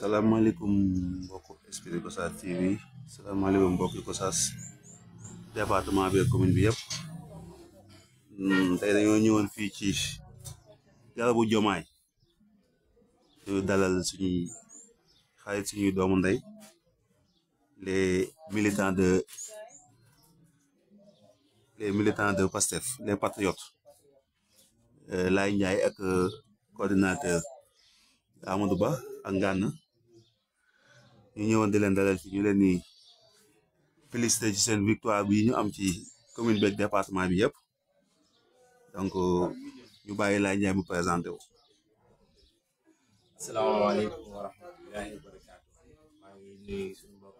salaamaaleykum mbokki esprit Gossas TV salaamaaleykum mbokki Gossas département bi commune bi yëpp hmm, tey dañoo ñëwoon fii ci garabu jomaay ñu dalal suñuy xarit suñuy doomu ndey les militants de les militants de PASTEF les patriotes euh, Laye Ndiaye ak euh, coordinateur Amadou Ba ak Ngana ñu ñëwoon di leen dalal ci ñu leen ni félicité ci seen victoire bi ñu am ci commune beeg département bi yëpp donc ñu bàyyi laa Ndiaye mu présenté wu. asalaamaaleykum wa rahmatulahi wa barakaatu maa ngi rek pour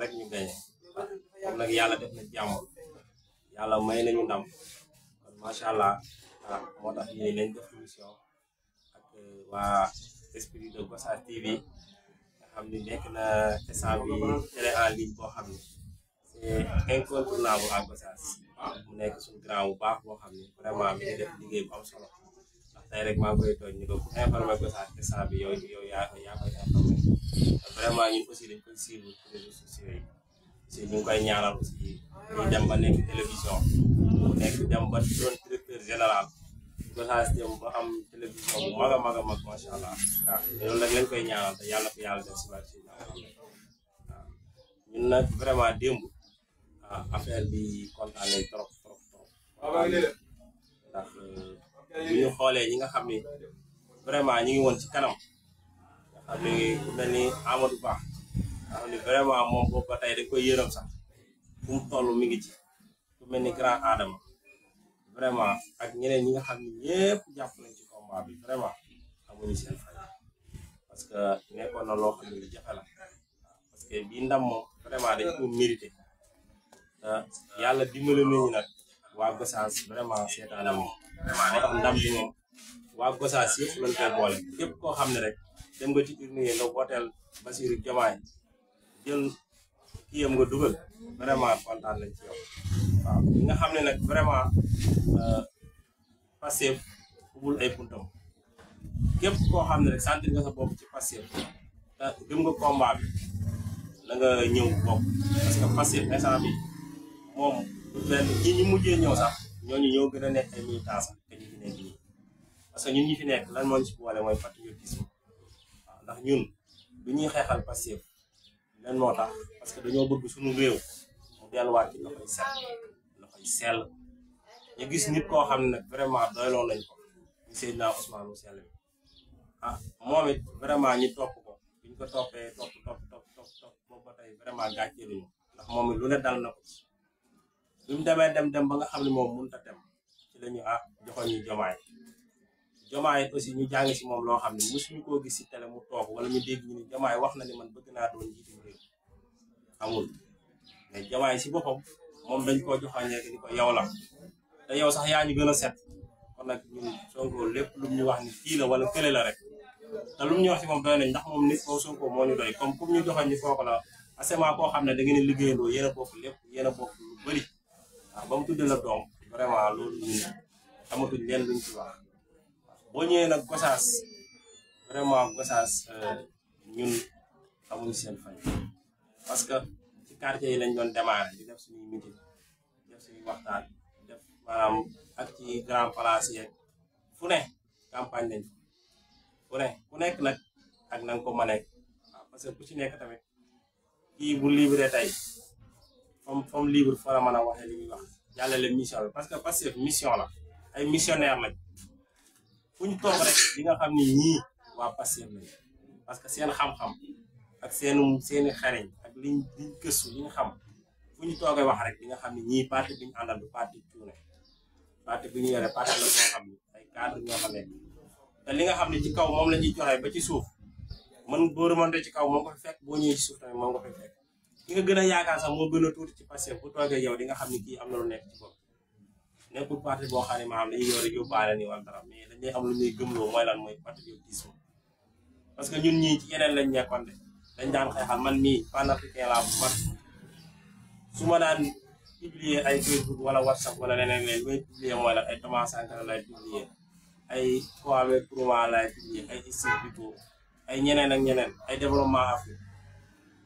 rek ñu gagné may nañu ndam. macha allah ah, moo tax ñu nañ def ak eh, wa esprit de Gossas TV nga xam ni nekk na instant bi en ligne boo xam ni c'est incontournable à Gossas mu nekk suñu grand bu baax boo xam ni vraiment mi ngi def liggéey bu am solo ndax tey rek maa ngi koy tooñ ñu ko informé Gossas instant bi si ñu ngi koy ñaanal aussi ñu dem ba nekk télévision mu am télévision bu mag a mag a mag macha allah waaw loolu nag ñaanal te yàlla ko yàlla def si wàllu vraiment démb ah, bi kontaan trop trop trop ndax euh, bu ñu xoolee ñi nga xam ne vraiment ñu ngi woon kanam nga xam ni Amadou xam ne vraiment moom boobu ba tey dañ yërëm sax fu mu mi ngi ci ku mel ni grand Adama vraiment ak ñeneen ñi nga xam ne ñëpp jàpp nañ ci combat bi vraiment amuñu seen fay parce que nekkoon na loo xam ne lu jafe la parce que bii ndam moom vraiment dañ ko mérité yàlla dimbale nañu nag waa Gossas vraiment seetaan nañu koo xam ne rek dem nga ci urne nga wooteel Bassirou jël kii yam nga dugal vraiment kontaan nañ ci yow waaw li nga xam ne nag vraiment euh, Pastef ubul ay puntam képp koo xam ne rek sentir nga sa bopp ci Pastef gëm nga combat bi ñëw bokk parce que Pastef instant bi moom benn ñi ñu ñëw sax ñooñu ñoo gën a nekk ay militants sax te que ñun ñi fi nekk lan moo ñu ci boole mooy patriotisme waaw ndax ñun du ñuy xeexal Pastef leen motax parce que dañoo bëgg suñu réew mu wat ci loxoy sel loxoy sel ñu gis nit ko xamne nak nag vraiment doyloo lañ ko ñu Seydina Ousmane mu ah momit vraiment ñi top ko buñ ko topé top top top top top bo ba tay vraiment gàcce nañu ndax momit lu ne dal nako ko démé dem dem ba nga xam mom moom mënut dem ci lañu ah joxoon ñu jomaay Diomaye aussi ñu jàng si moom loo xam ne mosuñu koo gis si télé mu took wala ñu dégg ñu ne Diomaye wax na ne man bëgg naa doon jiitu réew amul mais Diomaye si boppam moom dañ koo joxoon rek ni ko yow la te yow sax yaa ñu gën a set kon nag ñun Sonko lépp lu ñu wax ni fii wala fële la rek te lu ñu wax si moom doy nañ ndax moom nit koo Sonko moo ñu doy comme pour ñu joxoon ni foo ko la asema koo xam ne da ngeen di liggéeyandoo yéen a bokk lépp yéen a bokk lu bëri waaw ba mu tudd la doom vraiment loolu ñun amatuñ leen boo ñëwee nag Gossas vraiment Gossas euh, ñun amuñu seen fay parce que ci quartier yi lañ doon démarré di def suñuy meeting di def suñuy waxtaan def maanaam ak ci grand place yeeg fu ne nekk nag ak na nga ko mënee waaw parce que ku ci nekk tamit kii bu libre tey fam fam libre fa la mën a waxee li muy wax jàllale parce que parce mission la ay missionnaire lañ fu ñu toog rek di nga xam ni ñii waa Pastef lañ parce que seen xam-xam ak seenum seeni xareñ ak liñ liñ gëstu liñ xam fu ñu toogee wax rek di nga xam ni ñii parti bi ñu àndal du parti cuune parti bi ñu yore parti la ñoo xam ni ay cadre ñoo fa nekk te li nga xam ni ci kaw moom la ñuy joxe ba ci suuf man boo remonté ci kaw moom nga fa fekk boo ñëwee ci suuf tamit moom nga fa fekk ki nga gën a yaakaar sax moo gën a tuuti ci Pastef bu toogee yow di nga xam ni kii am na lu nekkul parti boo xam ne maanaam dañuy yor yóbbaale ni wala dara mais dañuy am lu ñuy gëmloo mooy lan mooy patriotisme parce que ñun ñii ci yeneen lañ nekkoon de dañ daan xeexal man mii panafricain laa bu mag su ma publier ay Facebook wala WhatsApp wala leneen leen may publier mooy lan ay Thomas Sankara lay publier ay Kwame Nkrumah lay publier ay Issa Pouye ay ñeneen ak ñeneen ay développement Afrique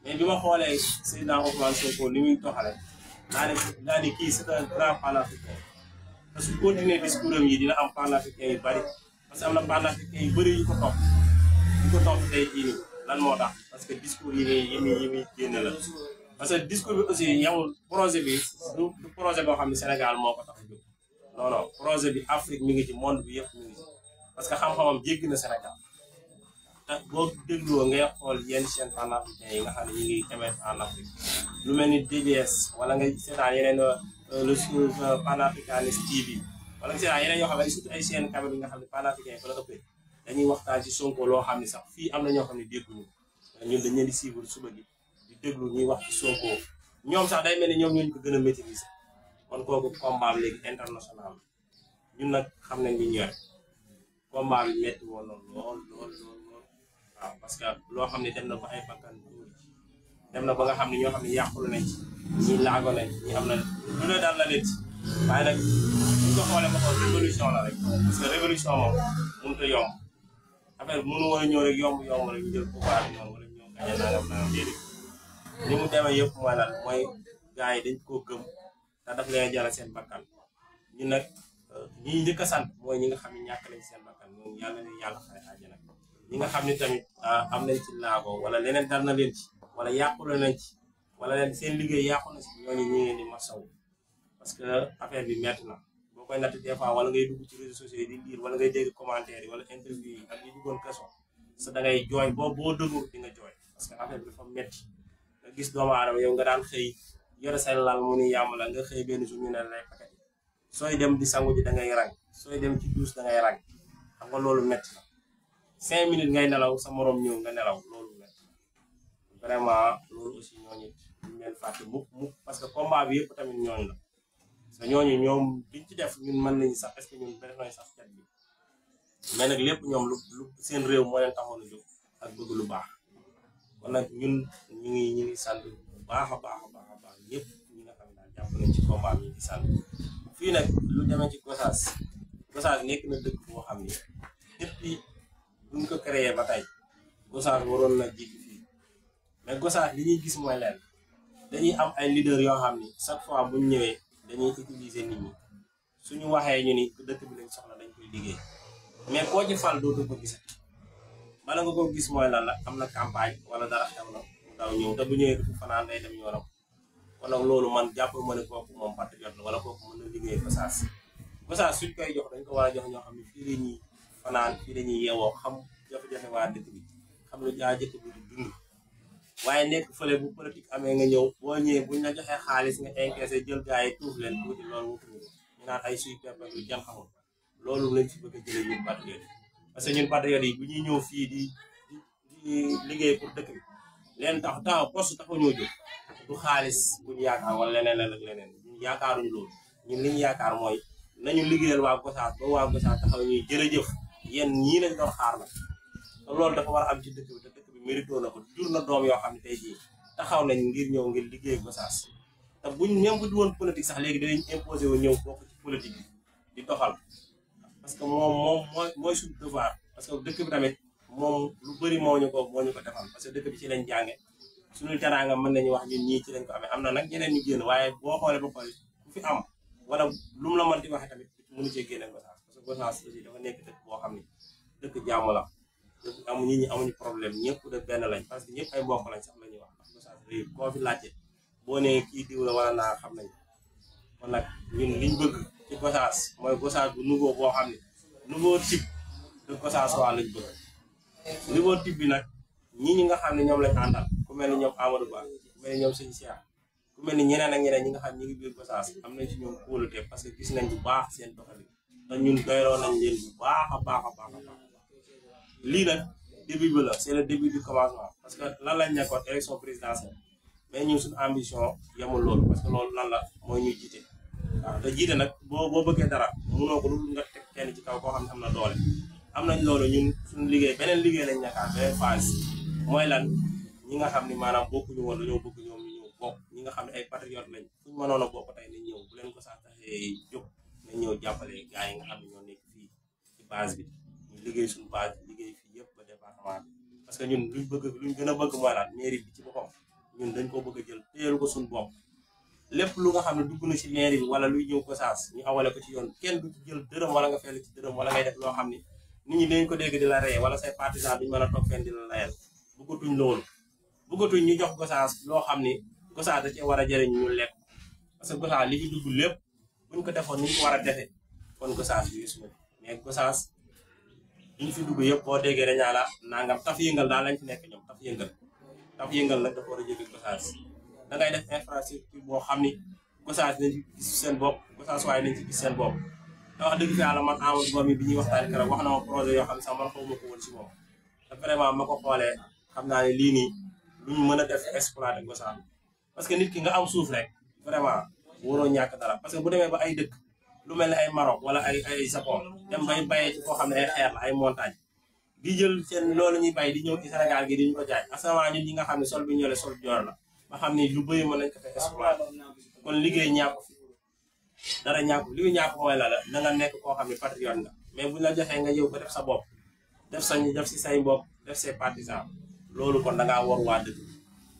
mais bi ma xoolee Seydina Ousmane Sonko ni muy doxale daa ne daa c'est un grand parce que continuer discours am yi dina am panafricain parce que am na panafricain yu bëri yu ko topp yu ko topp tey parce que discours yi nii yi muy parce que discours bi aussi yow projet bi du projet boo xam ne Sénégal moo ko projet bi Afrique mi ngi ci monde bi yëpp parce que xam-xamam jéggi na Sénégal te boo dégloo ngay xool yenn chaîne panafricain yi nga xam ne ñu ngi émettre en Afrique lu mel ni DBS wala nga seetaan le panafricaniste TV wala seen ay yeneen yoo surtout ay seen caméra yi nga xam ne fa la ëppee dañuy waxtaan ci Sonko lo xam sax fii am na ñoo xam ne dégguñu eh, ñun dañ leen di suivre suba gi di déglu ñuy wax ci Sonko ñoom sax day mel ni ñoom ko gën maîtriser kon kooku combat léegi international ñun nag xam nañ ñu yore combat bi métti woon lool lool parce que lo xam dem na ko ay bakkan dem na ba nga xam ne ñoo xam ne yàqulu nañ ci laago na lu ne daal la nit waaye nag ñu ko xoolee ba xool révolution la rek parce que révolution moom mënut a yomb affaire mënu woon rek yomb yomb rek ñu jël pouvoir bi noonu wala ñu ni mu demee yëpp mooy lan mooy gars dañ koo gëm te daf leen jaral seen bakkan euh, ñu nag ñi njëkk a sant mooy ñi nga xam ne ñàkk nañ seen bakkan moom yàlla ne ñi nga xam ne tamit ah, am na ci laago wala leneen dal na leen wala yàqule nañ ci wala leen seen liggéey yàqu na ci ñooñu ñu ngi ni masaw parce que affaire bi métti na boo koy natt des wala ngay dugg ci réseaux sociaux di lire wala ngay dégg commentaire wala interview yi ak ñi kaso sa da ngay jooy boo boo dëggu di nga jooy parce que affaire bi fa métti nga gis doomu aadama yow nga daan xëy yore say laal mu ni yàmm la nga xëy benn jour ñu ne lay paquet sooy dem di sangu ji da ngay rang sooy dem ci douche da ngay xam nga loolu métti na cinq ngay nelaw sa morom ñëw nga nelaw loolu vraiment loolu aussi ñooñu ñu leen fàtte mukk mukk parce que combat bi yëpp tamit ñooñu la parce que ñoom biñ ci def ñun mën nañu sax est ce que ñun def nañu sax cat mais nag ñoom lu lu seen réew moo leen taxoon a jóg ak bëgg lu baax kon nag ñun ñu ngi ñu ngi sant bu baax a baax a baax a baax ñëpp ñi nga daal jàpp ci combat bi ñu ngi sant fii nag lu demee ci Gossas Gossas na dëkk boo xam ne depuis buñ ko créé ba tey Gossas waroon na jiitu mais Gossas li ñuy gis mooy leen dañuy am ay leader yoo xam ni chaque fois bu ñu ñëwee dañuy utiliser nit ñi suñu waxee ñu ni dëkk bi lañ soxla dañ koy liggéey mais koo ci fal dootoo ko bala nga ko gis mooy lan la am na campagne wala dara xew na mu daw ñëw te fanaan day dem yoonam kon nag loolu man jàpp ma ne kooku moom patriote la wala kooku mën liggéey Gossas Gossas suñ koy jox dañ ko war a jox ñoo xam ne fii la fanaan fii la ñuy yeewoo xam jafe-jafe waa dëkk bi xam lu jaa jëkk waaye nekk fële bu politique amee nga ñëw boo ñëwee buñ la joxee xaalis nga encaissé jël gars yi tuuf leen tuuti loolu wutu ñu naan ay suy perpétu jam xamul loolu lañ ci bëgg a jëlee ñun patriote parce que ñun patriote yi bu ñuy ñëw fii di di liggéey pour dëkk bi leen tax temps poste taxu ñoo jóg du xaalis ñu yaakaar wala leneen ak leneen ñun yaakaaruñu loolu ñun li ñu yaakaar mooy nañu liggéeyal waa Gossas ba waa Gossas taxaw ñuy jërëjëf yéen ñii lañ doon xaar na te loolu dafa war a am ci dëkk bi bi mérito na ko na doom yo xam ne tey jii taxaw nañ ngir ñëw ngir liggéey ak Gossas te buñ même bu du woon politique sax léegi dinañ imposé wu ñëw bokk ci politique bi di doxal parce que moom moom mooy mooy suñu devoir parce que dëkk bi tamit moom lu bëri moo ñu ko moo ñu ko defal parce que dëkk bi ci lañ jànge suñu na mën nañu wax ñun ñii ci lañ ko amee am na nag ñeneen ñu génn waaye boo xoolee ba xool ku fi am wala lu mu la mën di waxee tamit mënu cee génne Gossas parce que Gossas aussi dafa nekk dëkk boo xam ni dëkk jàmm la amuñu ñi amuñu problème ñëpp de benn lañ parce que ñëpp ay mbokk lañ sax la ñuy wax ndax message fi laajte boo nee kii diw la wala naa xam nañ kon nag ñun liñ bëgg ci Gossas mooy Gossas bu nouveau boo xam ne nouveau type de Gossas lañ bëgg nouveau type bi nag ñi ñi nga xam ne ñoom lañ àndal ku mel ni ñoom Amadou Ba ku mel ni ñoom Sëñ Cheikh ku mel ni ñeneen ak ñeneen ñi nga xam ñi ngi biir Gossas am nañ ci ñoom kóolute parce que gis nañ bu baax seen doxalin te ñun doyloo nañ leen baax a baax lii nag début bi la c' est le début parce que lan la nekkoon élection présidentielle mais ñun suñu ambition yemul loolu parce que loolu lan la mooy ñuy jiite waaw te jiite nag boo boo bëggee dara mënoo ko lu nga teg kenn ci kaw koo xam ne am na doole am nañ loolu ñun suñu liggéey beneen liggéey lañ nekkaat beneen phase mooy lan ñi nga xam ni maanaam bokkuñu woon ñi nga xam ne ay patriote lañ fuñ mënoon a bokk tey nañ ñëw bu ko sax taxee jóg nañ ñëw jàppale gars yi nga xam ne ñoo nekk fii ci base di liggéey suñu base di liggéey fii yëpp ba département parce que ñun luñ bëgg luñ gën a bëgg mooy naan mairie bi ñun dañ koo bëgg a jël téyal ko suñu bopp lépp lu nga xam ne dugg na ci mairie bi wala luy ñëw Gossas ñu wala ko ci yoon kenn du ci jël dërëm wala nga fell ci dërëm wala ngay def loo xam ne nit ñi dañ ko dégg di la reye wala say partisan duñ mën a toog fenn di la layal bëggatuñ loolu bëggatuñ ñu jox Gossas loo xam ne Gossas da cee war a jëriñ ñu lekk parce que Gossas li fi dugg lépp buñ ko defoon ni ñu war a defee kon Gossas bi liñ fi dugg yëpp boo déggee dañaa la nangam taf yëngal daal lañ fi taf yëngal taf yëngal nag dafa war a jóge Gossas da ngay def infrastructure boo xam ni Gossas nañ ci gis seen bopp Gossas waaye nañ seen bopp te wax dëgg fi yàlla man Amadou mi bi ñuy waxtaan keroog wax na ma projet yoo xam ne sax man xaw ma ko woon si moom te vraiment ma ko xoolee xam naa ne lii nii lu mën a def exploiter Gossas parce que nit ki nga am suuf rek vraiment waroo ñàkk dara parce que bu lu mel ne ay Maroc wala ay ay Japon dem bay bayee ci koo xam ne ay xeer la ay montagne di jël seen loolu ñuy bay di ñëw ci Sénégal gi di ñu ko jaay asamaan ñun ñi nga xam ne sol bi ñële sol joor la nga xam ne lu bëri mën nañ ko fa exploité liggéey ñàkku fi dara ñàkku li ñàkku mooy na nga nekk koo xam ne patriote nga mais buñ la joxee nga yow def sa bopp def sa def si say mbokk def say partisan loolu kon da ngaa waa dëkk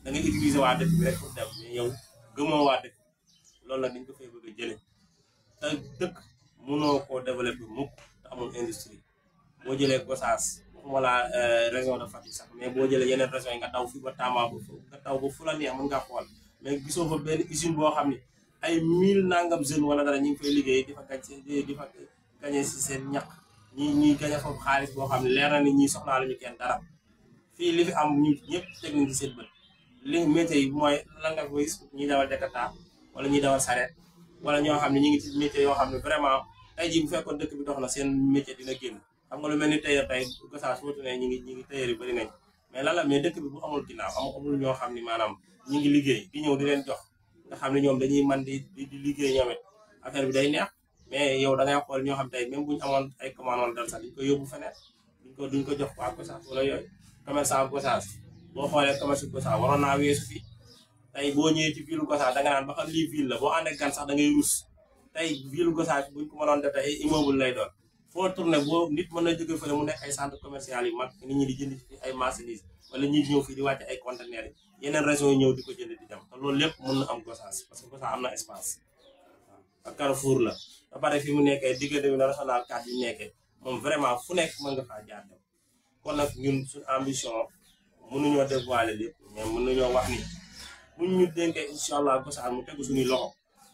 da nga waa dëkk bi rek pour dem waa dëkk loolu nag dañ ko fee bëgg a jëlee te dëkk mënoo koo développé mukk te amul industrie boo jëlee Gossas waxuma la euh, région de Fatick sax mais boo jëlee yeneen région nga taw fi ba Tamba nga taw ba fu xool mais gisoo fa benn usine boo xam ne ay mille nangam jeune wala dara ñu ngi fay liggéey di fa gàncax di fa gañe si seen ñax ñi ñuy gañe foofu xaalis boo xam ne leer na ni ñuy soxlaa lu ñu kenn dara fii li am ñu ñëpp teg nañ ci seen bët li métier yi mooy lan nga koy ñuy dawal Jakarta wala ñuy dawal sareet wala ñoo xam ne ñu ngi ci yoo xam ne vraiment tey jii bu fekkoon dëkk bi dox na seen métier dina génn xam nga lu mel ni tailleur tey Gossas ñu ngi ñu bëri nañ mais lan la mais dëkk bu amul ginnaaw am ñoo xam ni maanaam ñu ngi liggéey di ñëw di leen jox nga xam ne ñoom dañuy man di di liggéey ñoom it affaire bi day mais yow da xool ñoo xam tey même bu ñu amoon ay commande wala dara sax duñ ko yóbbu feneen duñ ko duñ ko jox waa Gossas wala yooyu commerçant boo xoolee commerce Gossas waroon naa weesu fii tey boo ñëwee ci ville Gossas da naan ba xam ville la boo ànd ak gan sax da ngay rus tey ville Gossas buñ ko mënoon def tey immeuble lay doon foo tourné boo nit mën na jóge fële mu nekk ay centre commercial yu mag nit ñi di jënd ci ay marchandises wala ñi ñëw fii di wàcc ay conteneurs yi yeneen régions ñëw di ko jënd di dem te loolu lépp mën na am Gossas parce que Gossas am na espace ak fuur la ba fi mu nekkee diggante bi national 4 bi nekkee moom vraiment fu nekk mën nga faa jaar dem kon nag ñun suñu ambition mënuñoo dévoiler lépp mais mënuñoo wax ni. buñ ñu dénkee incha allah Gossas mu tegu suñuy loxo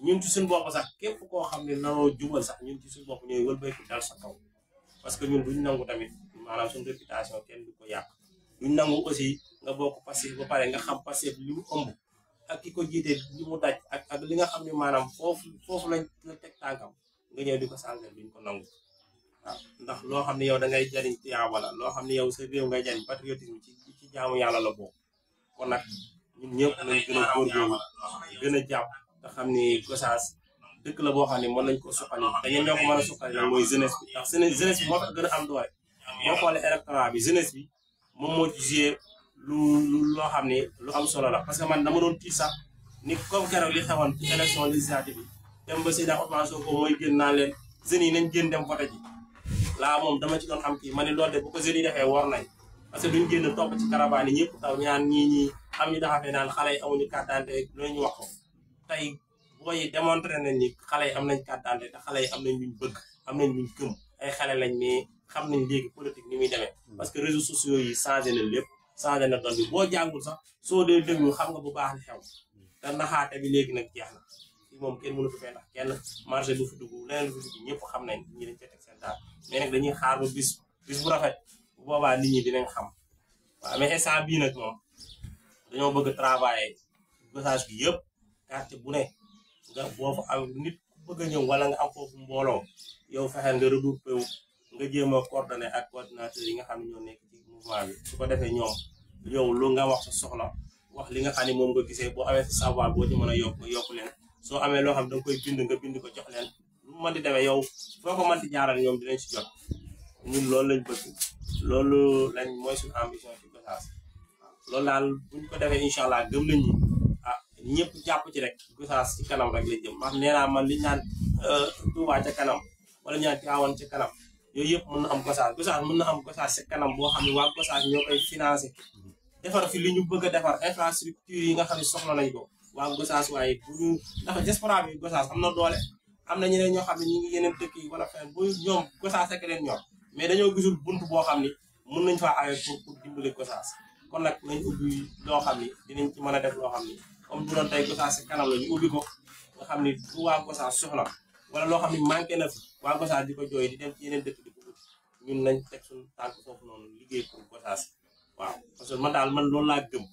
ñun ci suñu bopp sax képp koo xam ne naroo jubal sax ñun ci suñu bopp ñooy wëlbéeku dal sa kaw parce que ñun duñ nangu tamit maanaam suñu réputation kenn du ko yàq duñ nangu aussi nga bokk passif ba pare nga xam passif li mu ëmb ak ki ko jiite li mu daj ak ak li nga xam ne maanaam foofu foofu la teg tànkam nga ñëw di ko changer duñ ko nangu waaw ndax loo xam ne yow da ngay jariñ tiyaaba la loo xam ne yow sa réew ngay jariñ patriotisme ci ci jaamu yàlla la bokk ñun ñëpp nañ gën a góorgóorlu gën a jàpp te xam ni Gossas dëkk la boo xam ne mën nañ ko suqali te ñun ñoo ko mën a suqali nag mooy jeunesse moo tax gën a am xoolee électorat bi jeunesse bi moom moo ci lu lu loo xam ne lu am solo la parce que man dama ti tiit sax ni comme keroog li xewoon ci élection législative bi dem ba Seydina Ousmane Sonko mooy génn naa leen jeunes yi nañ génn dem vote ji laa moom dama ci doon xam ma ne loolu de bu ko parce que duñ génn topp ci caravane yi ñëpp taw ñaan ñii ñii am ñu taxaw naan xale yi amuñu carte d'identité lu ñu wax ko tey booy yi démontré nañ ni xale yi am nañ carte d'identité te xale yi am nañ luñ bëgg am nañ luñ gëm ay xale lañ mais xam nañ léegi politique ni muy demee. parce que réseaux sociaux yi changé na lépp changé na doon bi boo jàngul sax soo dee déglu xam nga bu baax li xew te naxaate bi léegi nag jeex na fii moom kenn mënu fi fee ndax kenn marché du fi dugg leneen du fi dugg ñëpp xam nañ ñi dañ bu boobaa nit ñi dinañ xam waaw mais instant bii nag moom dañoo bëgg travailler dosage bi yëpp quartier bu ne nga boo fa am nit bëgg a ñëw wala nga am foofu mbooloo yow fexeel nga regroupé wu nga jéem a coordonné ak coordinateur yi nga xam ne ñoo nekk ci mouvement bi su ko defee ñoom yow lu nga wax sa soxla wax li nga xam ne moom nga gisee boo amee sa savoir boo ci mën a yokk nga yokk leen soo amee loo xam da nga koy bind nga bind ko jox leen lu mën di yow foo ko mën di jaaral ñoom dinañ ci jot ñun loolu lañ bëgg loolu lañ mooy suñu ambition ci Gossas loolu daal buñ ko defee incha allah gëm nañ ñi ah ñëpp jàpp ci rek Gossas ci kanam rek la jëm ndax nee naa man li ñu naan euh, Touba ca kanam wala ñu naan Tiwaawan ca kanam yooyu yëpp mun na am Gossas Gossas mun na am Gossas ca kanam boo xam ne waa Gossas ñoo koy financé defar fi li ñu bëgg a defar infrastructure yi nga xam ne soxla nañ ko waa Gossas waaye bu ñu ndax diaspora bi Gossas na doole am na ñeneen ñoo xam ne ñu ngi wala feneen bu ñoom Gossas rek mais dañoo gisul bunt boo xam ni mën nañ faa awee pour pour dimbali Gossas kon nag nañ ubbi loo xam ni dinañ ci mën a def loo xam ni comme bu doon tey kanam la ñu ko nga xam ni du waa Gossas soxla wala loo xam ni manqué na fi waa Gossas di ko jooy di def ci dëkk di ñun nañ teg suñ tànk foofu noonu liggéey pour Gossas waaw parce que man daal man loolu laa gëm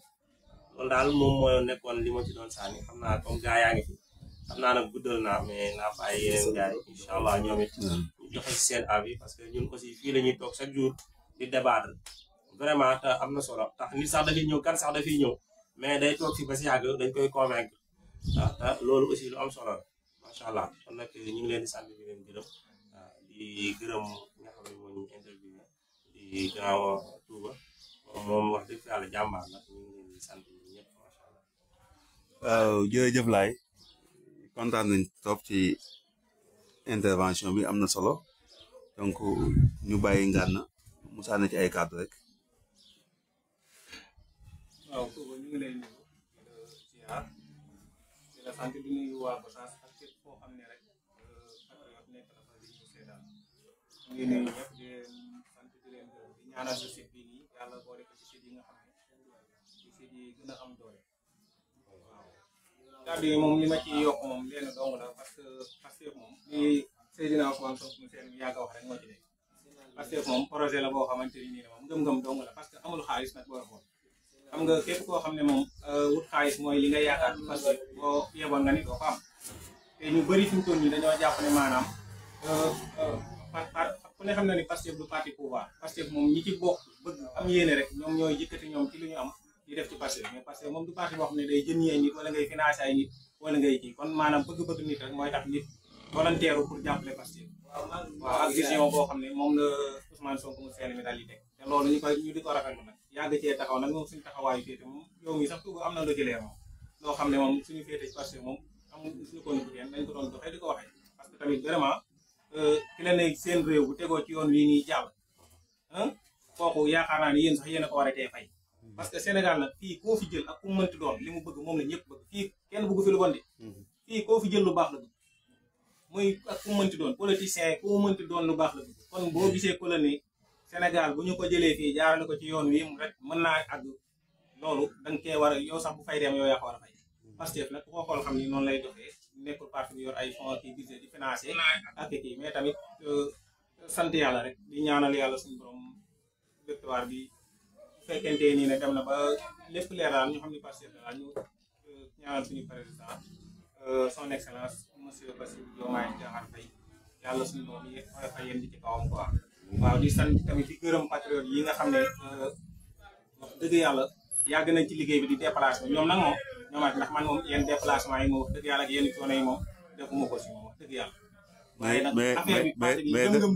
loolu daal moom mooy nekkoon li ma ci doon sànni xam naa comme gaa yaa xam naa nag naa mais naa bàyyi yeneen gars allah ñoom it hmm. joxe si seen avis parce que ñun aussi fii la ñuy toog chaque jour di débattre vraiment am na solo tax nit sax dafiy ñëw kan sax dafiy ñëw mais day toog fi ba si yàgg dañ koy convaincre ah, loolu aussi lu am solo la macha allah kon nag ñu ngi leen di leen gërëm ah, di gërëm nga xam ne interview di gaaw a moom wax dëgg yàlla jàmbaar la ñu ngi leen di sant ñëpp macha allah. waaw jërëjëf laay. kontaan nañ trop ci intervention bi am na solo donc ñu bàyyi Ngana mu sànni ci ay kàddu rek. waaw kooku ñu kàddu yi moom li ma ci yokk moom leen dong la parce que Pastef moom li Seydina Ousmane Sonko seen bi yàgg a wax rek moo ci nekk Pastef moom projet la boo xamante ni ne moom ngëm-ngëm que amul xaalis nag boo xool xam nga képp koo xam ne moom euh, wut xaalis mooy li nga yaakaar parce que boo yeboon ko am te ñu bëri fi mu toll nii dañoo jàpp ne maanaam euh, euh, par par ku ne na ni Pastef du parti pouvoir Pastef moom ñi ci bokk bëgg am yéene rek ñoom ñooy yëkkati ñoom ci lu ñu am di def ci parce que mais parce que moom du parti boo xam ne day jëndee nit wala ngay financé ay nit wala ngay kii kon maanaam bëgg-bëgg nit rek mooy tax nit volontaire pour jàppale parce que waaw ak vision boo xam ne moom la Ousmane Sonko mu seen mi daal di teg te loolu ñu koy ñu di ko rafetlu nag yàgg cee taxaw nag moom suñu taxawaayu féete moom yow mii sax tuuba am na lu ci leer moom loo xam ne moom suñu féete ci parce que moom amul suñu ko nit dañ ko doon doxee di ko waxee parce que tamit vraiment euh, ki la ne seen réew bu tegoo ci yoon wii nii jàll kooku yaakaar naa ne yéen sax yéen a ko war a tee fay parce que Sénégal nag fii koo fi jël ak ku mënti doon li mu bëgg moom la ñëpp bëgg fii kenn bëggu fi lu bon de mhm. fii fi jël lu baax la bëgg muy ak ku mënti doon politicien ko mënti doon lu baax la bëgg kon boo gisee ko la Sénégal bu ñu ko jëlee fii jaarale ko ci yoon wi rek mën naa àgg loolu danga kee war a yow sax bu fay dem yow yaa a fay mhm. parce que nag ku ko xool xam ni noonu lay doxee nekkul parti bi yor ay a kii budget di financé ak kii mais tamit euh, sant rek di yàlla suñu borom fekkente nii ne dem na ba lépp leeral ñu xam ni Pastef la ñu euh, ñaanal suñu président euh, son excellence monsieur Bassirou Diomaye Diakhar Faye yàlla suñu moom yi fa yéen di ci kawam quoi waaw gërëm patriote yi nga xam ne euh, wax yàlla yàgg nañ ci liggéey bi di déplacement ñoom nag moom ñoomaat ndax man moom yenn déplacement yi moom wax dëgg yàlla ak yenn coono yi moom defuma ko si moom wax dëgg yàlla waaye nag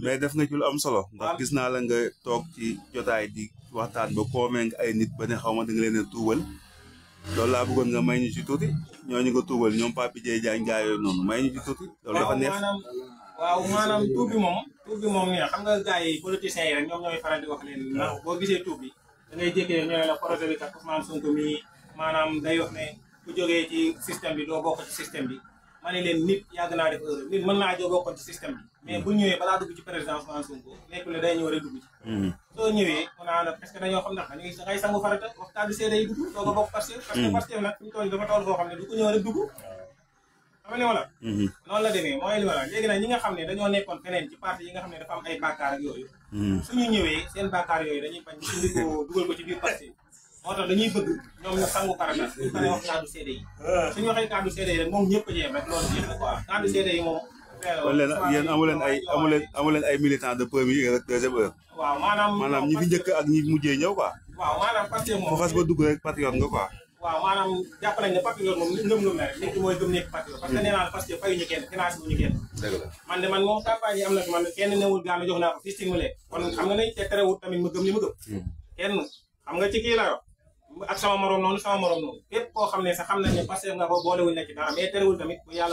mais def nga ci lu am solo ndax gis naa la nga toog ci jotaay di waxtaan ba convaincre ay nit ba ne xaw ma da leen a tuubal loolu laa bëggoon nga may ñu ci tuuti ñooñu nga tuubal ñoom Pape Dieye Diagne gaa yooyu noonu may ñu ci tuuti. loolu dafa neex waaw maanaam tuub bi moom. tuub bi moom xam nga gars yi politiciens yi rek ñoom ñooy faral di wax leen. ndax boo gisee tuub bi da ngay jékkee ñu ne la projet bi kat Ousmane Sonko maanaam day wax ne ku jógee ci système bi doo bokk ci système bi ma ne leen nit yàgg naa def erreur nit mën naa joo bokkoon ci système bi mais bu ñëwee balaa dugg ci président Ousmane Sonko nekkul hmm. sangu farata waxtaan hmm. nga wala. Hmm. noonu la demee mooy li ñi nga xam ne dañoo nekkoon feneen ci parti yi nga xam ne dafa am ay bàkkaar ak yooyu. suñu ñëwee seen bàkkaar yooyu dañuy bañ ñu ko dugal ko ci sangu farata suñu paree wax kaddu seede yi. suñu waxee kaddu seede yi rek moom ñëpp a jeex loolu jeex na quoi yi moom kon leen yéen amu leen ay amu leen amu leen ay de première heure ak deuxième heure. waaw maanaam ñi fi njëkk ak ñi mujjee ñëw quoi. waaw maanaam parce que moom bu xas ba dugg rek patriote nga quoi. waaw maanaam jàpp ne patriote moom ngëm-ngëm la rek nit ki mooy gëm nekk patriote. parce que nee naa la parce que fayuñu kenn financé wuñu kenn. dëgg la man de man moom campagne yi am na fi jox naa ko fii kon xam nga ne te terewul tamit ma gëm li ma hmm. xam nga ci ak sama morom noonu sama morom noonu képp koo xam ne sax xam nañ ne parce que nga ko boolewuñ la ci dara mais terewul tamit bu yàlla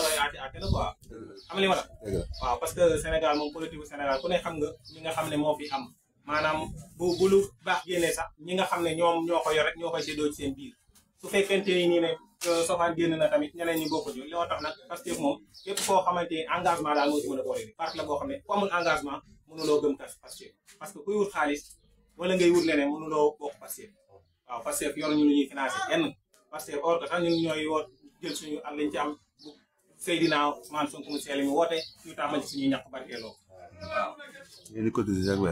waaw parce que Sénégal moom politique bu ku ne xam nga ñi nga xam ne moo fi am maanaam bu bu lu baax génnee sax ñi nga xam ne ñoom ñoo ko yor rek ñoo koy séddoo ci seen biir su fekkente ni ne euh, génn na tamit ñeneen ñi bokkuñu loo tax nag Pastef moom képp koo xamante ni engagement daal moo ci mën a boole parti la boo xam ne ku amul engagement mënuloo gëm kas Pastef parce que kuy wut xaalis wala ngay wut leneen mënuloo bokk Pastef waaw parce que parce que or que sax ñun ñooy woot jël suñu ak liñ ci am bu Seydina Ousmane Sonko mu seeli mi ñu tàmbali ci suñuy ñàkk barkeeloo waaw. yéen i cotisé rek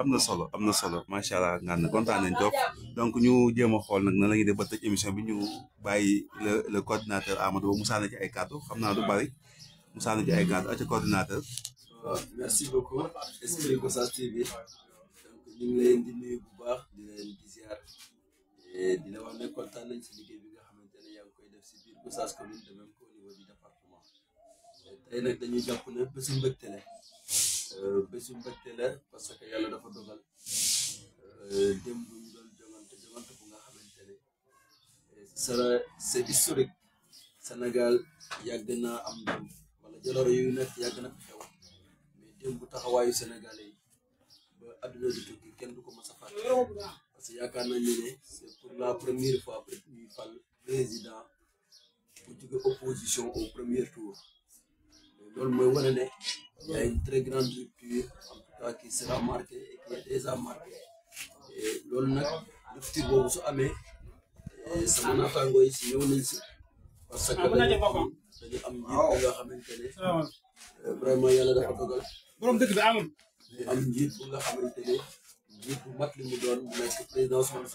am na solo am na solo macha allah ngaan na kontaan nañ toog donc ñu jéem a xool nag nan la ba tëj émission bi ñu bàyyi le le coordinateur Amadou Ba Moussa na xam naa du bari Moussa na ci ay coordinateur. ñu ngi leen di nuyu bu baax di leen di ziar eh, di la wax ne kontaan nañ si liggéey bi nga xamante ne yaa ngi koy def si biir Gossas commune de même qu'au niveau du département eh, tey nag dañuy jàpp ne bésu mbégte la eh, bésu mbégte la parce que yàlla dafa dogal démb bu ñu doon jongante bu nga xamante ne c'est historique Sénégal yàgg na am ndam wala jaloore yu nekk yàgg na fi xew mais démb bu taxawaayu Sénégalais adduna du tukki kenn du ko mas a fàtte parce que yaakaar nañu ne c'est pour la première fois après ñuy fal président bu jóge opposition au premier tour loolu mooy wane ne y a une très grande rupture en tout cas qui sera marquée et qui est déjà marquée et loolu nag rupture boobu su amee sama naataangoo yi si ñëw nañ si parce que ah, dañu am dañu am njiit nga xamante ne ah, euh, vraiment yàlla dafa dogal borom dëkk bi amul ñu bu nga xamante mu doon président Ousmane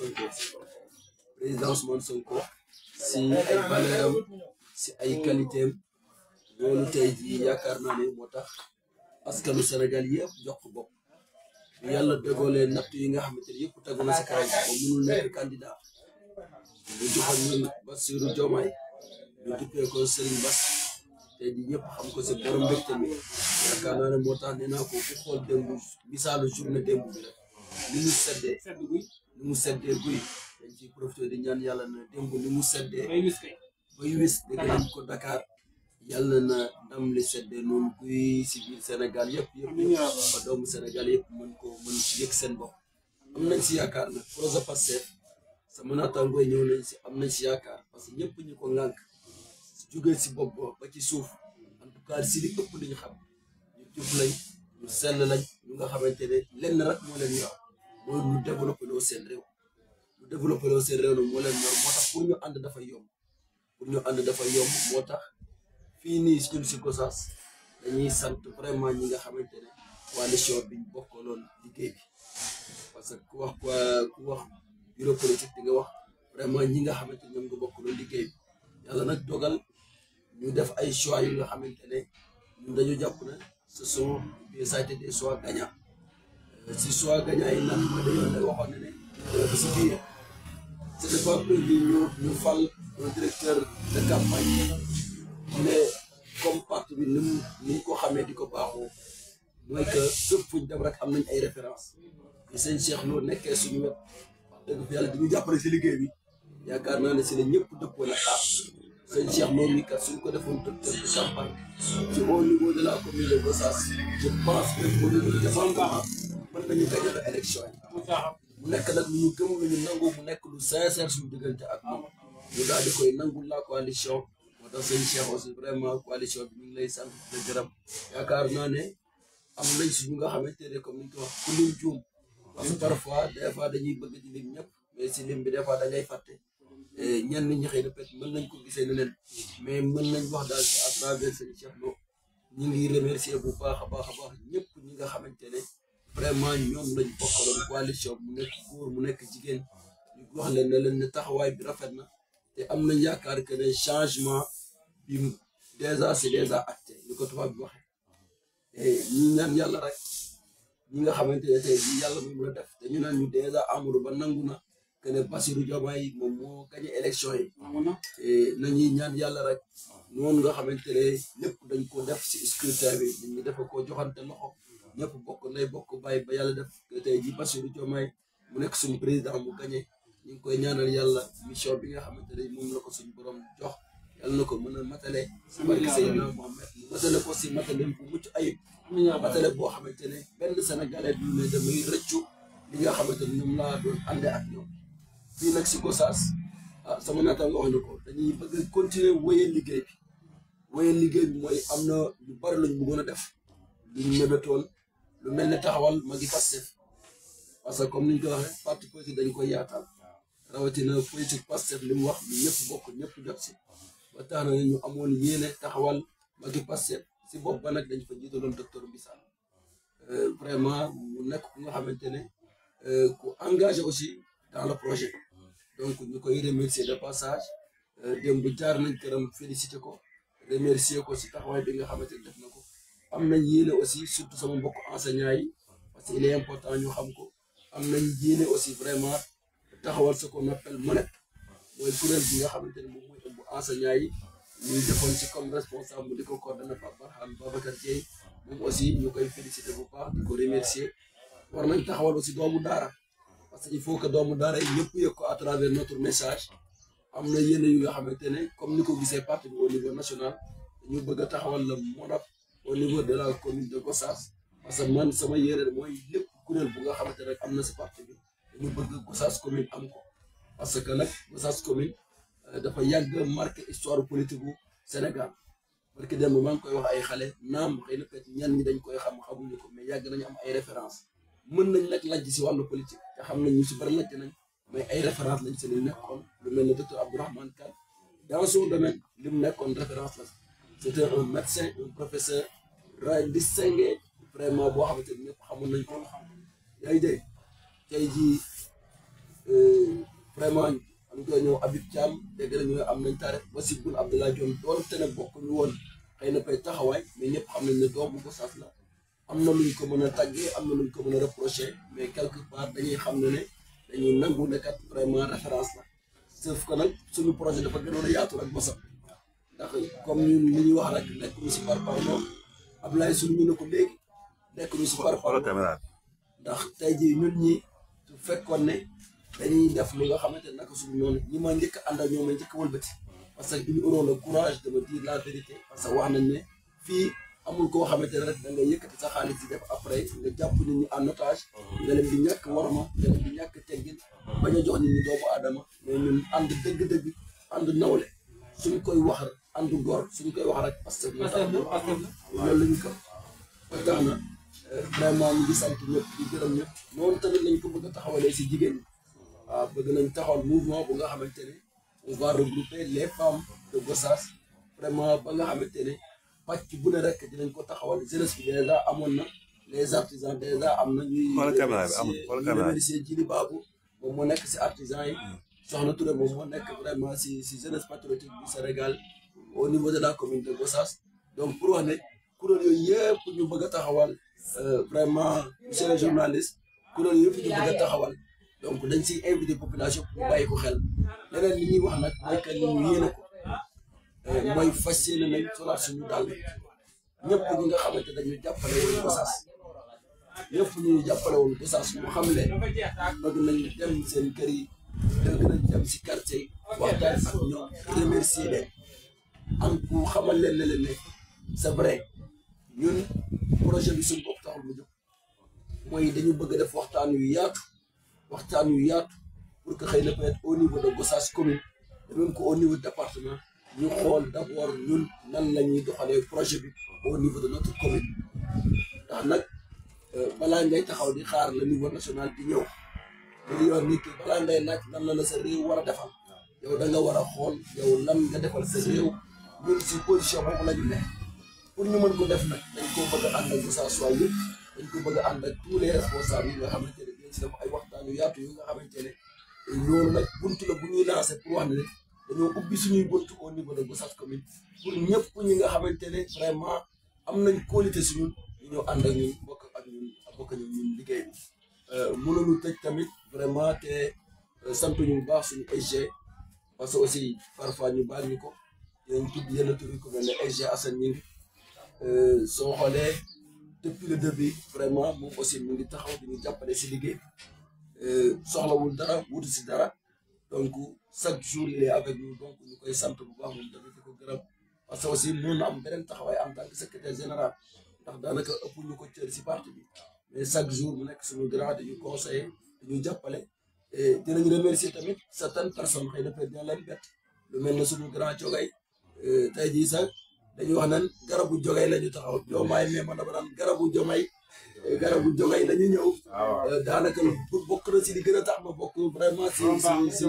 Sonko président si ay valeur am si ay qualité moo tax askanu Sénégal yëpp jox ko bopp yàlla dégoolee natt yi nga xamante ne yëpp tegu na si kaw ba mënul nekk candidat ñu joxoon ñun Bassirou Diomaye ñu duppee ko Serigne Bass tey jii ñëpp xam ko si borom mbégte mi yaakaar naa ne moo tax nee naa ko ku xool démb misaalu journée démb bi rek ni mu seddee ni mu seddee guy dañ ciy profité di ñaan yàlla na démb ni mu seddee bay wis dëgg nañ ko Dakar yàlla na ndam li seddee noonu guy si biir Sénégal yëpp yëpp ba doomu Sénégal yëpp mën ko mën ci yëg seen bopp am nañ si yaakaar nag projet Pastef sama naataangooy ñëw nañ si am na si yaakaar parce que ñëpp ñu ko ŋànk jógee si bopp ba ci suuf en tout cas si li ëpp li ñu xam jub nañ ñu senn nañ nga xamante ne lenn rek moo leen ñor mooy ñu développé loo seen réew ñu développé loo seen réew nag moo ñu ànd dafa yomb pour ñu ànd dafa yomb moo tax fii nii suñu si Gossas dañuy sant vraiment ñi nga xamante ne coalition biñ ñu bokkaloon liggéey bi parce que ku wax ku wax bureau politique di nga wax vraiment ñi nga xamante ne ñoom nga bokkaloon liggéey bi yàlla nag dogal ñu def ay choix yu nga xamante ne ñun dañu jàpp ce sont ça euh, a été des choix gagnants si choix gagnants yi nag mooy dañoo la waxoon ne ne si biir c'était pas prévu ñu ñu fal un directeur de campagne mais comme parti bi ni mu ko xamee di ko baaxoo mooy que fépp fu ñu rek am nañ ay référence te sëñ Cheikh Lo nekkee suñu wet wax dëgg fi yàlla di ñu jàppale si liggéey bi yaakaar naa ne si la ñëpp dëppoo na xaar sëñ Cheikh moom mi kat suñ ko defoon docteur de campagne ci au niveau de la commune de Gossas je pense que bu ñu defoon baax mën nañu gagné élection yi. mu nekk nag lu ñu gëm lu ñu nangu mu nekk lu sincère suñu diggante ak moom ñu daal di koy nangul la coalition moo tax sëñ Cheikh aussi vraiment coalition bi ñu ngi lay sant di la gërëm yaakaar naa ne am nañ suñu nga xamante ne comme ni ñu ko wax ku lim juum parce que parfois des fois dañuy bëgg di lim ñëpp mais si lim bi des fois da ngay fàtte. Eh, ñenn ñi xëy na peut-être mën nañ ko gisee leneen mais man nañ wax daal à travers seen Cheikh Lo ñu ngi remercier bu baax a baax a baax ñëpp ñi nga xamante ne vraiment ñoom lañ bokkaloon coalition mu nekk góor mu nekk jigéen ñu wax leen ne leen ne taxawaay bi rafet na te am nañ yaakaar que ne changement bi déjà c'est déjà acté ni ko tubaab bi waxee eh, te ñu ñaan yàlla rek ñi nga xamante ne tey yàlla moom la def te ñu naan ñu déjà amul ba nangu na. que ne Bassirou Diomaye moom moo gagné élection yi. Ah, te nañuy ñaan yàlla rek. noonu nga xamante ne lépp dañ ko def si scrutin bi nit ñi dafa ko joxante loxo. ñëpp bokk nay bokk bàyyi ba yàlla def que tey jii Bassirou Diomaye mu nekk suñu président mu gagné. ñu ngi koy ñaanal yàlla mission bi nga xamante ne moom la ko suñu borom jox yàlla na ko mën a matale. si barke Seydina Mohamed matale ko si matale bu mucc ayib. matale boo xamante ne benn Sénégalais du ne damay rëccu li nga xamante ne ñoom laa doon àndee ak ñoom. fii nag si Gossas ah sama naataango wax na ko dañuy bëgg a continuer wéyal liggéey bi wéyal liggéey bi mooy am na lu bari lañ bëggoon a def luñ mébétoon lu mel ne taxawal magi Pastef parce que comme ni ñu ko waxee parti politique dañ koy yaatal rawatina politique Pastef li mu wax lu ñëpp bokk ñëpp jot si ba tax ñu amoon yéene taxawal magi Pastef si bopp ba nag dañ fa jiitaloon docteur Mbissane euh, vraiment mu nekk ku nga xamante ne euh, ku engagé aussi dans le projet donc ñu koy remercier de passage euh, démb jaar nañ këram félicité ko remercier ko si taxawaay bi nga xamante ne def na ko am nañ yéene aussi surtout sama mbokk enseignant yi parce que il est important ñu xam ko am nañ yéene aussi vraiment taxawal ce qu'on appelle MONET mooy kuréel bi nga xamante ne moom mooy ëmb enseignant yi ñuy defoon ci comme responsable mu di ko coordonné Pape Barham Babacar Dieye aussi ñu koy félicité bu baax di ko war nañ taxawal aussi doomu daara parce que il faut que daar daara yi yëpp yëg ko à travers notre message am na yenn yu nga xamante ne comme ni ko gisee parti bi au niveau national ñu bëgg a taxawal la monap au niveau de la commune de Gossas parce que man sama yéene mooy lépp kuréel bu nga xamante rek am na si parti bi ñu bëgg Gossas commune am ko parce que nag Gossas commune euh, dafa yàgg marqué histoire politique bu Sénégal parce que démb maa ngi koy wax ay xale naam xëy na kat ñenn ñi dañ koy xam xamuñu ko mais yàgg nañu am ay référence mën nañ laj laj si wàllu politique te xam nañ ñu si bari lajj nañ mais ay référence lañ seen nekkoon lu mel ne docteur Abdourahmane Kane dans son domaine li mu nekkoon référence la c'était un médecin un professeur ra distingué vraiment boo xamante ni ñëpp xamoon nañ ko yaa ngi dégg tey jii euh, vraiment am nga ñëw Habib Thiam dégg nañu ne am nañ taarix ba si bun Abdoulaye Dione doon te ne bokkuñu woon xëy na pay taxawaay mais ñëpp xam nañ ne doomu Gossas la am na luñ ko mën a tàggee am na luñ ko mën a reproché mais quelque part dañuy xam ne ne dañuy nangu ne kat vraiment référence la sauf que nag suñu projet dafa gënoon a yaatu rek mosam ndax comme ñun li ñuy wax rek nekk ñu si par parlo Ablaye suñu ñu ne ko léegi nekk ñu si par parlo ndax tey jii ñun ñi su fekkoon ne dañuy def lu nga xamante ne naka suñu noonu ñi ma njëkk a àndal ñoom ma njëkk a wëlbati parce que ils auront courage de me la vérité parce que wax nañ ne fii. amul koo xamante ne rek da ngay yëkkati xaalis di après nga jàpp nit ñi en mmh. nga leen di ñàkk warma nga leen di ñàkk teggin mmh. bañ a jox nit ñi doomu aadama mais ñun ànd dëgg-dëgg ànd nawle suñ koy wax ànd góor suñ koy wax rek parce que loolu la ñu ko ba tax na euh, vraiment ñu ngi sant ñëpp di gërëm ñëpp noonu tamit lañ ko bëgg a taxawalee si jigéen ñi waaw bëgg nañ taxawal mouvement bu nga xamante ne on va regrouper les femmes de vraiment ba nga xamante ne pàcc bu ne rek dinañ ko taxawal jeunesse bi dèjà amoon na les artisans dèjà am na ñuy remercier Jili Baabu moom moo nekk si artisan yi hmm. Soxna Touré moom moo nekk vraiment si si jeunesse patriotique du Sénégal au niveau de la commune de Gossas donc pour wax ne ku yooyu yëpp ñu bëgg a taxawal euh, vraiment monsieur le journaliste kuréel yëpp ñu bëgg a taxawal donc dañ si invité population pour bàyyi ko xel leneen li ñuy wax nag mooy que ñu yéene ko Euh, mooy fas yéene nañ solaat suñu dàll ñëpp ñi nga xamante dañu jàppale woon Gossas fu ñu jàppale woon Gossas ñu xam ne bëgg nañ dem seen kër yi dem si quartier waxtaan ak ñoom remercier am ku xamal leen ne leen ne vrai ñun projet bi suñu bopp taxul mu jóg mooy dañu bëgg def waxtaan yu yaatu waxtaan yu yaatu pour que xëy na peut-être au niveau de Gossas commune même que au niveau département ñu xool d' abord ñun nan la ñuy doxalee projet bi au niveau de notre commune ndax nag balaa ngay taxaw di xaar le niveau national di ñëw dañuy wax nit ki balaa ngay laaj nan la la sa réew war a defal yow da nga war a xool yow lan nga defal sa réew ñun si position boobu la ñu ne pour ñu mën ko def nag dañ ko bëgg a ànd ak Moussa Sow yëpp dañ ko bëgg a ànd ak tous les responsables yi nga xamante ne dinañ si def ay waxtaan yu yaatu yu nga xamante ne loolu nag buntu la bu ñuy lancer pour wax ne. dañoo ubbi suñuy bunt au niveau de Gossas commune pour ñëpp ñi nga xamante ne vraiment am nañ qualité suñu ñu ñëw ànd ak ñun bokk ak ñun bokk ñun ñun liggéey bi euh, mënuñu tëj tamit vraiment te euh, sant ñu bu baax suñu SG parce que aussi parfois ñu baal ñu ko dinañ tudd yenn tur yi ku mel ne SG Assane ñi ngi euh, soo xoolee depuis le début vraiment moom aussi mu ngi taxaw di ñu jàppale si liggéey soxlawul dara wutu si dara. donc chaque jour il est avec nous donc ñu koy sant bu baax moom tamit di ko gërëm parce que aussi mën na am beneen taxawaay en tant que secrétaire général ndax daanaka ëpp ñu ko cër si parti bi mais chaque jour mu nekk suñu grand dañuy conseiller dañuy jàppale et dinañ remercier tamit certaines personnes xëy na peut être leen bett lu mel ne suñu grand Jogay euh, tey jii sax dañuy wax nan garabu Jogay la ñu taxaw Jomay mais man dama naan garabu Jomay. garabu jogay dañu ñëw. Ah, euh, daanaka bokk na si li gën a tax ma bokk vraiment si si si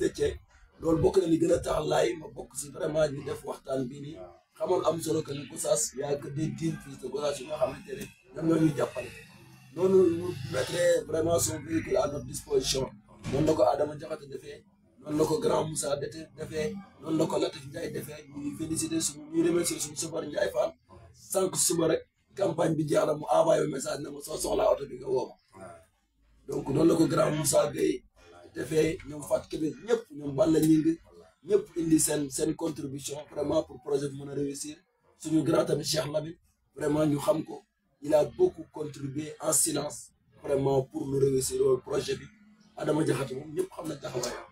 Déthié loolu bokk na li gën a tax laay ma bokk si vraiment ñu def waxtaan bii nii ah. xamal am solo que ni Gossas yaa que des diir fils de Gossas yu nga xamante ne ñoom ñoo ñuy jàppale. noonu ñu mettre vraiment son véhicule à notre disposition noonu la ko Adama Diakhaté defee noonu la ko Grand Moussa Dete defee noonu la ko Latif Ndiaye defee ñu féliciter suñu ñu remercier suñu sofër Ndiaye Fall sànq suba rek. campagne bi jeex na mu envoyé message ne ma soo soxlaa oto bi nga woo ma ah. donc noonu la ko grand Moussa Gueye defee ñoom Fatou Kébé ñëpp ñoom Balla Gningue ñëpp indi seen seen contribution vraiment pour projet bi mën a réussir suñu grand tamit Cheikh Lamine vraiment ñu xam ko il a beaucoup contribué en silence vraiment pour lu réussir loolu projet bi Adama Diakhaté moom ñëpp xam na taxawaayam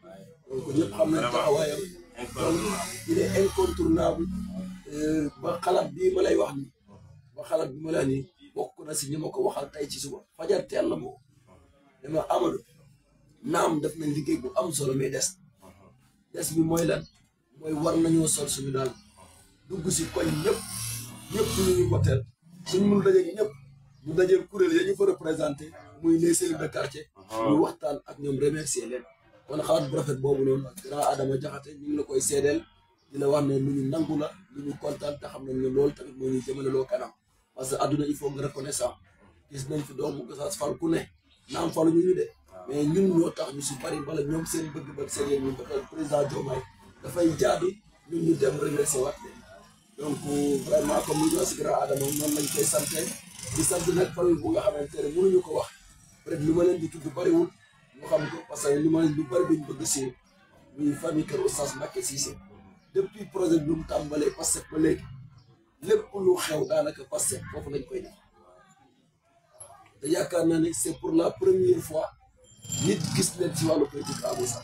donc ñëpp xam na taxawaayam donc il est incontournable euh, ba xalaat bii ma lay wax ni xalaat bi ma laa nii bokk na si ñi ma ko waxal tey ci suba fajar teel la moo dama Amadou naam def nañ liggéey bu am solo mais des des bi mooy lan mooy war nañoo sol suñu daal dugg si koñ ñëpp ñëpp ñu ñu woteel suñ mënu dajeeg ñëpp ñu dajeel kuréel ya ñu fa représenté muy les cellules de quartier ñu waxtaan ak ñoom remercier leen kon xalaat bu rafet boobu noonu grand Adama Jaxate ñu ngi la koy seedeel di la wax ne lu ñu nangu la lu ñu kontaan te xam nañ ne loolu tamit moo ñuy jëmale loo kanam parce que adduna il faut nga reconnaissant gis nañ fi doomu Gossas fal ku ñu ñoo tax ñu si bari wala ñoom seen bëgg-bëgg seen yéen ñu bëgg président Diomaye ñu dem remercié waat donc vraiment comme lañ koy sante di sant nag famille bu nga xamante ne ñu ko wax peut ma leen di tudd bariwul ñu xam ko parce que ma leen lu bari duñ bëgg si muy famille kër Oustaz Mbacké Cissé depuis projet bi tàmbalee parce que ba léegi. lépp lu xew daanaka parce que foofu lañ koy def te yaakaar naa ni c'est pour la première fois nit gis leen ci wàllu politique à Moussa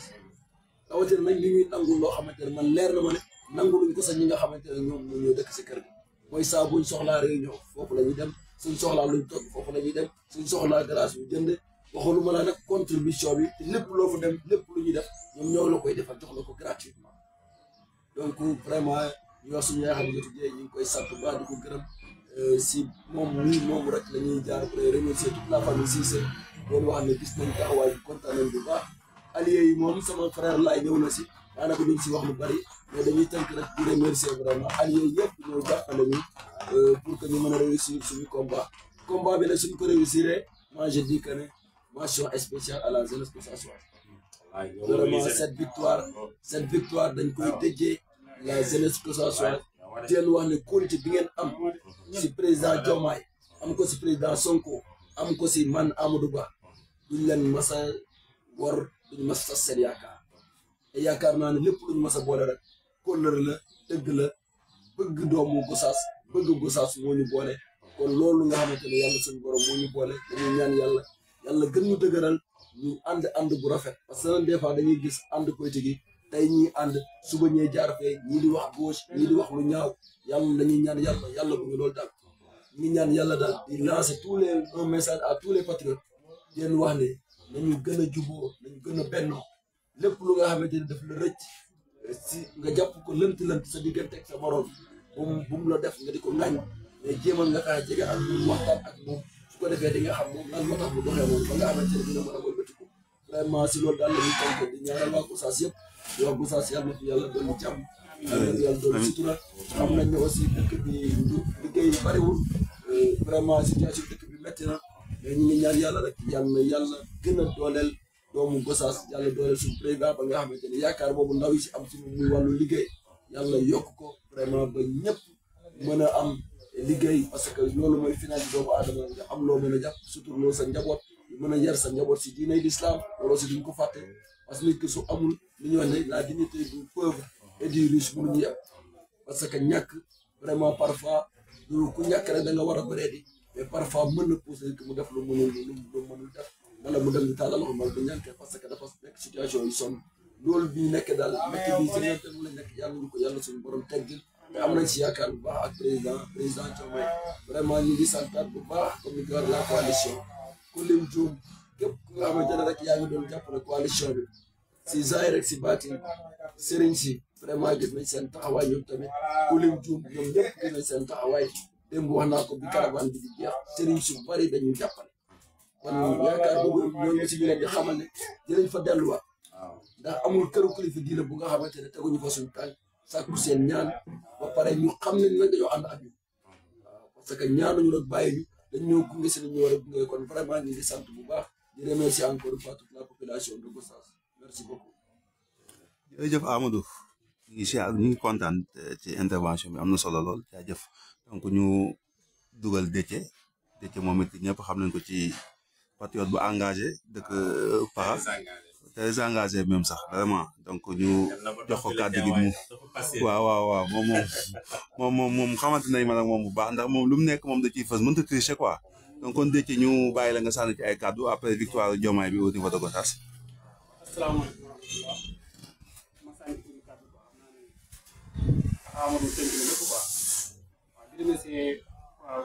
rawatina nag li ñuy loo xamante ne man leer na ma ne nanguluñ ko sax ñi nga xamante ne ñoom ñoo dëkk si kër gi mooy saa buñ soxlaa foofu la ñuy dem si soxlaa luñ toog foofu la dem si soxlaa glace yu jënd lu ma laa nag contribution bi lépp loo fa dem lépp lu ñuy def ñoom ñoo la koy defal jox la ko gratuitement donc vraiment ñu wax suñu yaakaar ne tuddee ñu ngi koy sant ba di ko gërëm euh, si moom mii moom rek la ñuy jaar pour remercier toute la famille Cissé doon wax ne gis nañ taxawaay bi kontaan nañ bu baax allié yi moom sama frère laay ñëw na si daanaka duñ si wax lu bari mais dañuy tënk rek di remercier vraiment allié yëpp ñoo jàppale ñu euh, pour que ñu mën a réussir suñu combat combat bi nag suñ ko réussir moi je dis que ne mention spéciale à la jeunesse de Sassouas vraiment cette victoire cette victoire dañ koy tëjee la jeunesse que ça soit teel wax ne kóolute bi ngeen am si président Diomaye am ko si président Sonko am ko si man Amadou Ba duñ leen masa war duñ mas tas seen yaakaar te yaakaar naa ne lépp luñ mas a boole rek kóllëre la dëgg la bëgg doomu Gosaas bëgg Gosaas moo ñu boole kon loolu nga xamante ne yàlla suñu borom moo ñu boole dañuy ñaan yàlla yàlla gën ñu dëgëral ñu ànd ànd bu rafet parce que des fois dañuy gis ànd politique yi tey ñii ànd suba ñee jaar fee ñii di wax gauche ñii di wax lu ñaaw yàlla dañuy ñaan yàlla yàlla bu ñu loolu daal ñu ñaan yàlla daal di lancer tous les un message à tous les patriotes di leen wax ne nañu gën a juboo nañu gën a bennoo lépp lu nga xamante ni daf la rëcc si nga jàpp ko lënt lënt sa diggante ak sa morom bum bum la def nga di ko ŋañ mais jéemal nga kaa jege ak moom waxtaan ak moom su ko defee di nga xam nga xamante ne dina mën vraiment si loolu daal la ñuy tënk di ñaanal waa yëpp yow Gossas yalla na fi yàlla doon jàmm yàlla na yàlla doon sutura xam nañ ne aussi dëkk bi du liggéey bariwul euh, vraiment situation dëkk bi métti na mais ñu ñaan yàlla rek yàlla na yàlla gën a dooleel doomu Gossas yàlla dooleel suñu président ba nga xamante ne yaakaar boobu ndaw yi si am suñu muy wàllu liggéey yàlla yokk ko vraiment ba ñëpp mën a am liggéey parce que loolu mooy finance doomu aadama nga am loo mën a jàpp suturloo sa njaboot mën a yar sa njaboot si diinay lislaam loolu ko fàtte parce que nit ki su amul li ñuy wax ne la dignité du pauvre et du riche mënuñu yem parce que ñàkk vraiment parfois loolu ku ñàkk rek da nga war a bëree di mais parfois mën na pousser nit ki mu def lu mënul lu mënul def wala mu dem di tàllal loxo mal bu ñàkkee parce que dafa nekk situation yu sonn loolu bi ñu nekk daal ah, métti bi si ñoom mu la nekk yàlla ñu ko yàlla suñu borom teggil te am nañ si yaakaar bu baax ak président président Diomaye vraiment ñu ngi santaat bu baax comme ni ko la coalition ku lim juum képp nga xamante ne rek yaa ngi doon jàppale coalition bi si zaay rek si baatin sëriñ si vraiment gis nañ seen taxawaay ñoom tamit ku lim juum ñoom ñëpp gis nañ seen taxawaay démb wax naa ko bi caravane bi di jeex sëriñ su bari dañuy jàppale kon yaakaar boobu ñooñu si ñu leen di xamal ne dinañ fa delluwaat ndax amul këru kilifa diina bu nga xamante ne teguñu fa suñu tànk sàkku seen ñaan ba pare ñu xam ne nag dañoo ànd ak ñu waaw parce que ñaanuñu rek bàyyi ñu dañ ñoo gunge si ñu war a gunge kon vraiment ñu ngi sant bu baax di remercier encore une fois toute merci beaucoup. jërëjëf Amadou ñu ngi si ak ñu ngi kontaan euh, ci intervention bi am na solo lool jaajëf donc ñu dugal Déthié Déthié moom it ñëpp xam nañ ko ci patriote bu engagé dëkk euh, Para très engagé même sax vraiment donc ñu jox ko kàddu gi mu waaw waaw waaw moom moom moom moom xamante nañ ma nag moom bu baax ndax moom lu mu nekk moom da ciy fës mënut donc kon ñu bàyyi nga sànni ci ay kàddu après victoire Diomaye bi au niveau de Gossas. asalaamaaleykum di remercier waaw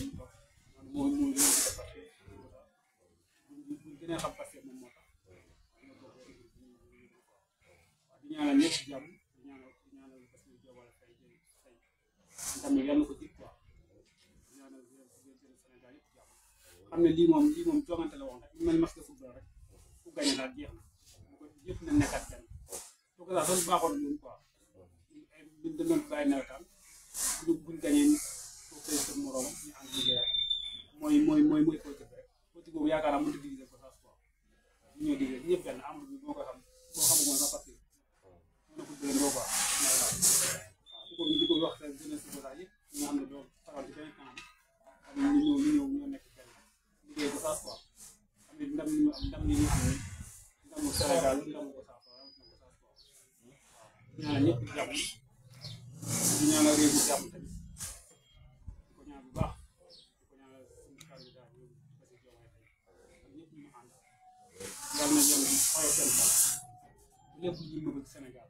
suñu moo moo ñu gën a xam parce que moom moo tax di ñaanal ñëpp jàmm di ñaanal di ñaanal parce que jawwal fay jël fay tamit yal na ko jig quoi di ñaanal jël xam ne lii moom lii moom jongante la woon rek mel masque football rek ku gañe daal jeex na ko yëpp na nekkaat benn soo ko sax doon baaxoon ñun quoi ay buñ demoon bàyyi gañee ni moroom ñu ànd liggéey mooy mooy mooy mooy politique rek politique boobu yaakaar naa mënut a diviser ko sax quoi bu ñëwee diviser ñëpp benn amul bi boo ko xam boo xamul woon sax parce que mën na ko jëlee doo quoi waaw ko di ko wax seen jeunesse si bosa yëpp ñu xam ne doo faral ci benn kanam xam ne ñu ñëw ñu ñëw ñoo nekk benn liggéey ko sax quoi xam ne ndam li ñu am ndam li ñu am ndamu Sénégal ndamu ko sax quoi ndamu ko sax quoi waaw ñaanal ñëpp jàmm ñaanal réew mi jàmm yàlla na yàlla na fayal seen kaw lépp lu ñu bëgg Sénégal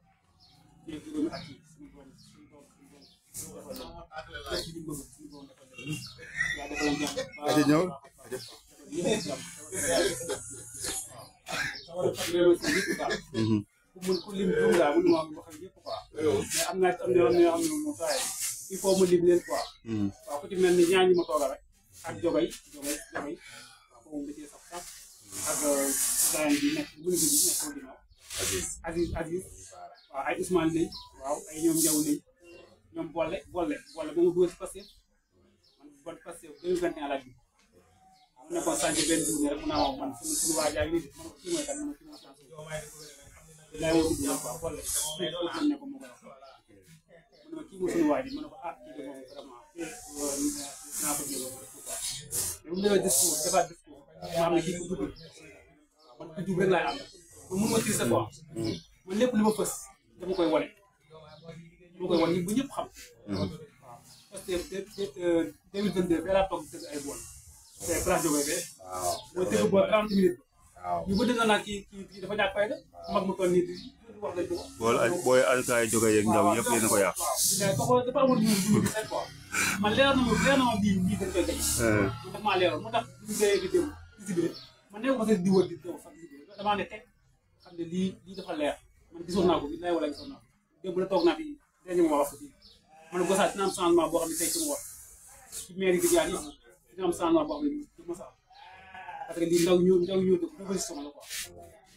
lépp lu ñu ak yi suñu doom suñu doom suñu doom suñu doom lépp lu ñu bëgg suñu doom dafa dem yaa dafa leen jàpp baax a ñëw ñëpp jàpp waaw sama si yëpp daal ku mën ku lim dum laa mënu maa waxal yëpp quoi mais am naa ci am na yoo xam ne moom saa il faut ma lim leen quoi mm-hmm. waaw ku ci mel ni ñaar ñi ma toogal rek ak jogay jogay jogay waaw moom da cee sax sax ak gars yi nekk bu nekk bi nekk ginnaaw. Aziz Aziz Aziz waaw ay Ousmane lañ waaw ay ñoom Ndiaw lañ ñoom Bolle Bolle Bolle ba ma dugal si Pastef man bon Pastef 2021 laa dugg waaw mu nekkoon sànq benn dugub rek mu naa wax man suñu suñu waa jaay bi nii man kii mooy kan man kii mooy kan lay woo dugg naa quoi Bolle mais loolu xam ne ko moo koy wax mu ne ma kii mooy suñu waa ji ma ne ko ah kii de moom vraiment te eh, naa ko jéem a ko def quoi mais bu ñu demee discours defaat maam ne kii mu jubul man ku jub rek koy wane dama koy wane bu ñëpp xam. Mm-hmm. Euh, euh, bool. de bébé. waaw boo tëgg bool trente minutes. waaw ñu booy alkaay jóge yeeg ndaw yëpp yéen a ko yàq. waaw dafa amul ñu ñu na ma leer koy gañ. visibilité man nee ko seen di wër di doon sax visibilité damaa ne teg eh, xam ne lii lii dafa leer man gisoon naa ko bi lay wala gisoon naa ko la toog naa fi dernier moment wax ko fii man Gossas dina am changement boo xam ne tey ci mu wax ci maire yi di jaar yi dina am boo xam ne du ma sax parce que lii ndaw ñu ndaw ñu dëkk bu bëri soxla quoi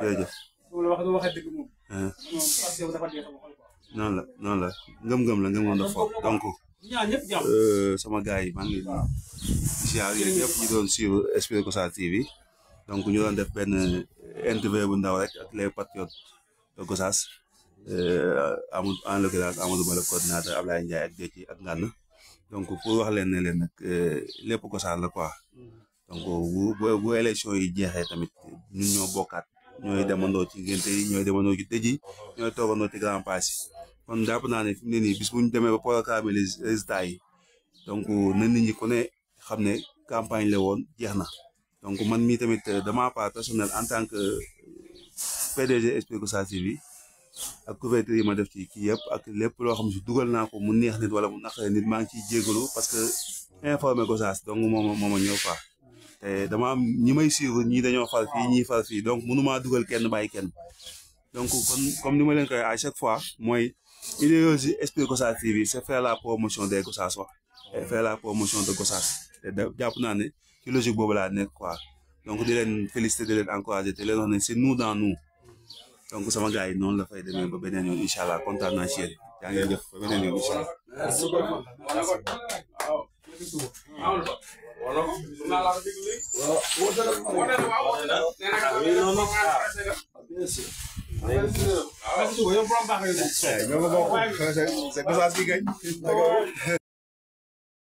jërëjëf. loolu ah. la noonu la ngëm-ngëm la ngëm-ngëm dafa fort donc. Euh, sama gars yi man ngi ziar yéen ñëpp ñu doon suivre Esprit Gossas TV donc ñu doon def benn interview bu ndaw rek ak les patriotes de Gossas euh, Amadou en l'occurrence Amadou Ba le coordinateur Ablaye Ndiaye ak Déthié ak Ngana donc pour wax leen ne leen nag euh, lépp Gossas la quoi mm. donc bu bu yi jeexee tamit ñun ñoo ñooy demandoo ci ngénte yi ñooy demandoo ci dëj yi uh-huh. ñooy toogandoo ci grand pass kon jàpp naa ne fi mu demee ba programme les résultats yi donc na nit ñi ku ne xam ne campagne woon jeex na donc man mii tamit euh, de ma part en tant que PDG Expresso TV ak couverture yi ma def ci kii yëpp ak lépp loo xam ne dugal naa ko mu neex nit wala mu naqaree nit maa ngi ciy jégalu parce que informé Gossas donc moom moo ma ñëw quoi. dama am ñi may suivre ñii dañoo far fii ñii far fii donc mënumaa dugal kenn bàyyi kenn donc kon comme ni ma leen koy à chaque fois mooy idée yooyu esprit Gossas TV c'est faire la promotion des Gossassois et faire la promotion de Gossas te jàpp naa ne ci logique boobu laa nekk quoi donc di leen féliciter di leen encourager te leen wax ne c'est nous dans nous donc sama gars yi noonu la fay demee ba beneen yoon incha allah kontaan naa ci yéen beneen yoon incha allah. Saya kau sahaja kan.